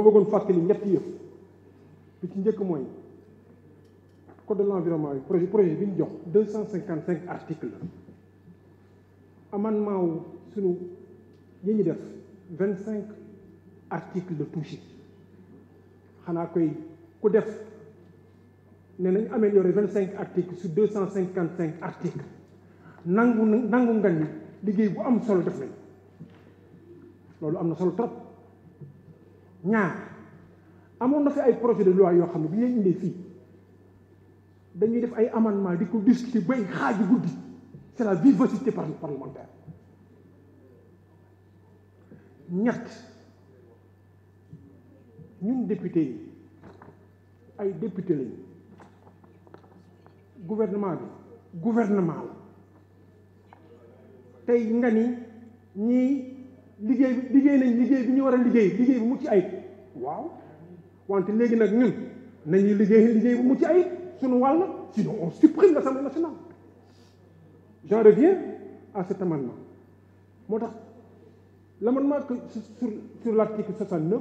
boo bëggoon fàttali ñett yëpp bi ci njëkk mooy code de l'environnement bi projet projet bi ñu jox deux cent cinquante cinq articles amendement wu suñu yi ñu def vingt cinq articles de touché xanaa koy ku def ne nañ amélioré vingt cinq articles sur deux cent cinquante cinq articles nangu nangu nga ni liggéey bu am solo def nañ loolu am na solo trop ñaar amoon na fi ay projet de loi yoo xam ne bi ñuy indee fii dañuy def ay amendement di ko discuter bay xaaju guddi c'est la vivacité parlementaire ñett ñun député yi ay député lañu gouvernement bi gouvernement la tey nga ni ñii liggéey bi liggéey nañ liggéey bi ñu war a liggéey liggéey bu mucc ayib waaw wante léegi nag ñun nañuy liggéey liggéey bu mucc ayib suñu wàll sinon on supprime l'Assemblée nationale j'en reviens à cet amendement moo tax l'amendement que sur sur l'article 69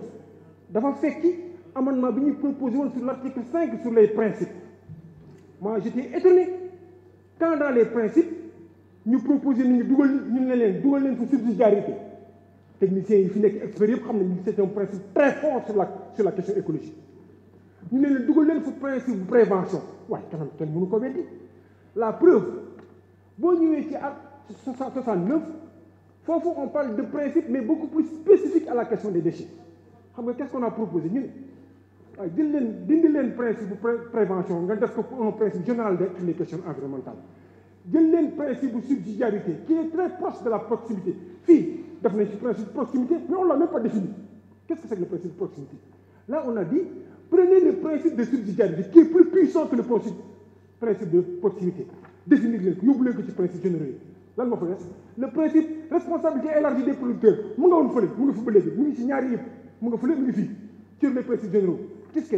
dafa fekki amendement bi ñu proposé woon sur l'article 5 sur les principes moi j'étais étonné quand dans les principes ñu proposé ni ñu dugal ñu ne leen dugal leen fa subsidiarité techniciens yi fi nekk experts yëpp xam nañ c'est un principe très fort sur la question écologique ñu ne leen dugal leen fu principe bu prévention waaye kanam kenn mënu ko boo ñëwee ci at soixante neuf foofu on parle de principe mais beaucoup plus spécifique à la question des déchets xam nga qu'est-ce qu'on a proposé ñun waaye jël leen dindi leen principe bu prévention nga def ko pour un principe général de les questions environnementales jël leen principe bu subsidiarité qui est très proche de la proximité fii def nañ ci principe de proximité, mais on ne l'a même pas défini. Qu'est-ce que c'est le principe de proximité Là, on a dit, prenez le principe de subsidiarité, qui est plus puissant que le principe de proximité. Définissez-le, n'oubliez que ce principe généreux. Là, on fait le principe responsabilité élargie des producteurs. Nous avons fait, nous avons fait, nous avons fait, nous avons généraux. Qu'est-ce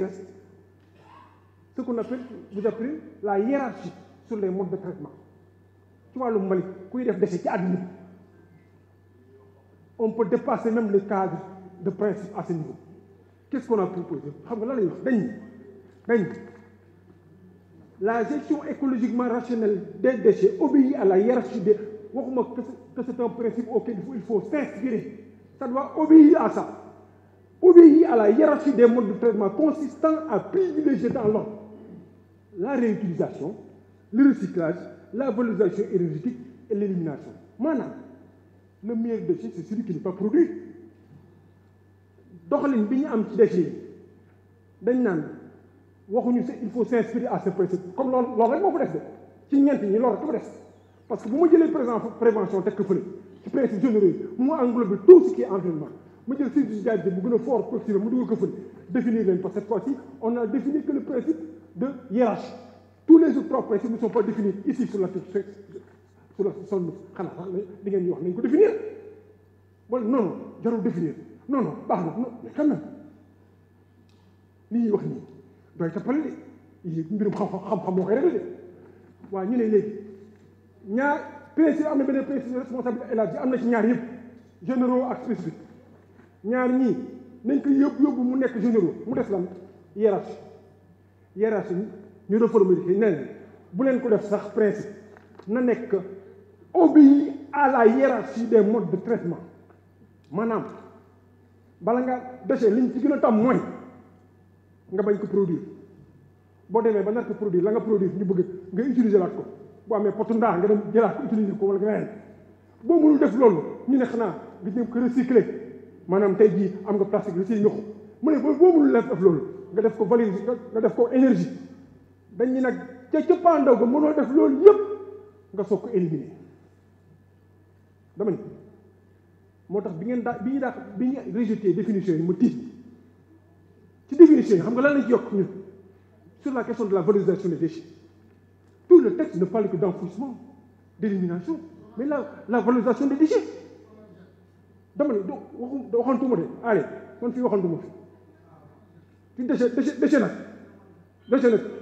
Ce qu'on appelle, vous appelez la hiérarchie sur les modes de traitement. Tu vois le Mali, quand il y a on peut dépasser même le cadre de principe à ce niveau qu'est-ce qu'on a proposé xam nga lan la ñuy wax dañ dañ la gestion écologiquement rationnelle des déchets obéit à la hiérarchie des waxuma que c'est un principe auquel il faut s'inspirer ça doit obéir à la hiérarchie des modes de traitement consistant à privilégier dans l'ordre la réutilisation le recyclage la valorisation énergétique et l'élimination le meilleur déchet c'est celui qui n'est pas produit doxalin bi ñu am ci déchet dañ naan waxuñu il faut s'inspirer à ce principe comme loolu loolu rek moo fa des de ci ñent ñi loolu rek parce que bu ma jëlee par exemple prévention teg ko fële ci principe généraux yi mu englobe tout ce qui est mu jël subsidiarité bu gën a fort possible mu dugal ko fële définir leen parce que cette fois on a défini que le principe de hiérarchie tous les autres trois principes ne sont pas ku la sonn xanaa sax li ngeen di wax nañ ko définir wala non non jarul définir non baax na non mais quand même wax nii doy tappale de yi mbirum xam-xam xam-xam moo koy réglé waaw ñu ne léegi ñaar am na benn PSE responsabilité élargie am na ci ñaar yëpp généro ak spécifique ñaar ñii nañ ko yóbbu yóbbu mu nekk généraux mu des lan hiérarchie hiérarchie ñu réformer yi bu leen ko def sax principe na nekk obéit à la hiérarchie des modes de traitement maanaam bala nga déchet liñ ci gën a tam mooy nga bañ ko produire boo demee ba nar ko produire la nga produit ñu bëgg nga utiliser laat ko boo amee pot ndaa nga dem jëlaat ko utiliser ko wala nga reen boo mënul def loolu ñu ne xanaa nga jëm ko recycler maanaam tey jii am nga plastique recycler ko mu ne boo boo mënul def loolu nga def ko valide nga def ko énergie dañ ñu nag ca cëppaandaw ga mënoo def loolu yëpp nga soog ko éliminer dama ni moo tax bi ngeen daa bi ñu daa bi ñu rejeté définition yi mu tiit ci définition yi xam nga lan lañ ci yokk ñun sur la question de la valorisation des déchets tout le texte ne parle que d'enfouissement d'élimination mais la la valorisation des déchets dama ni do waxantuma de allez man fii waxantuma fi ci déchet déchet déchet nag déchet nag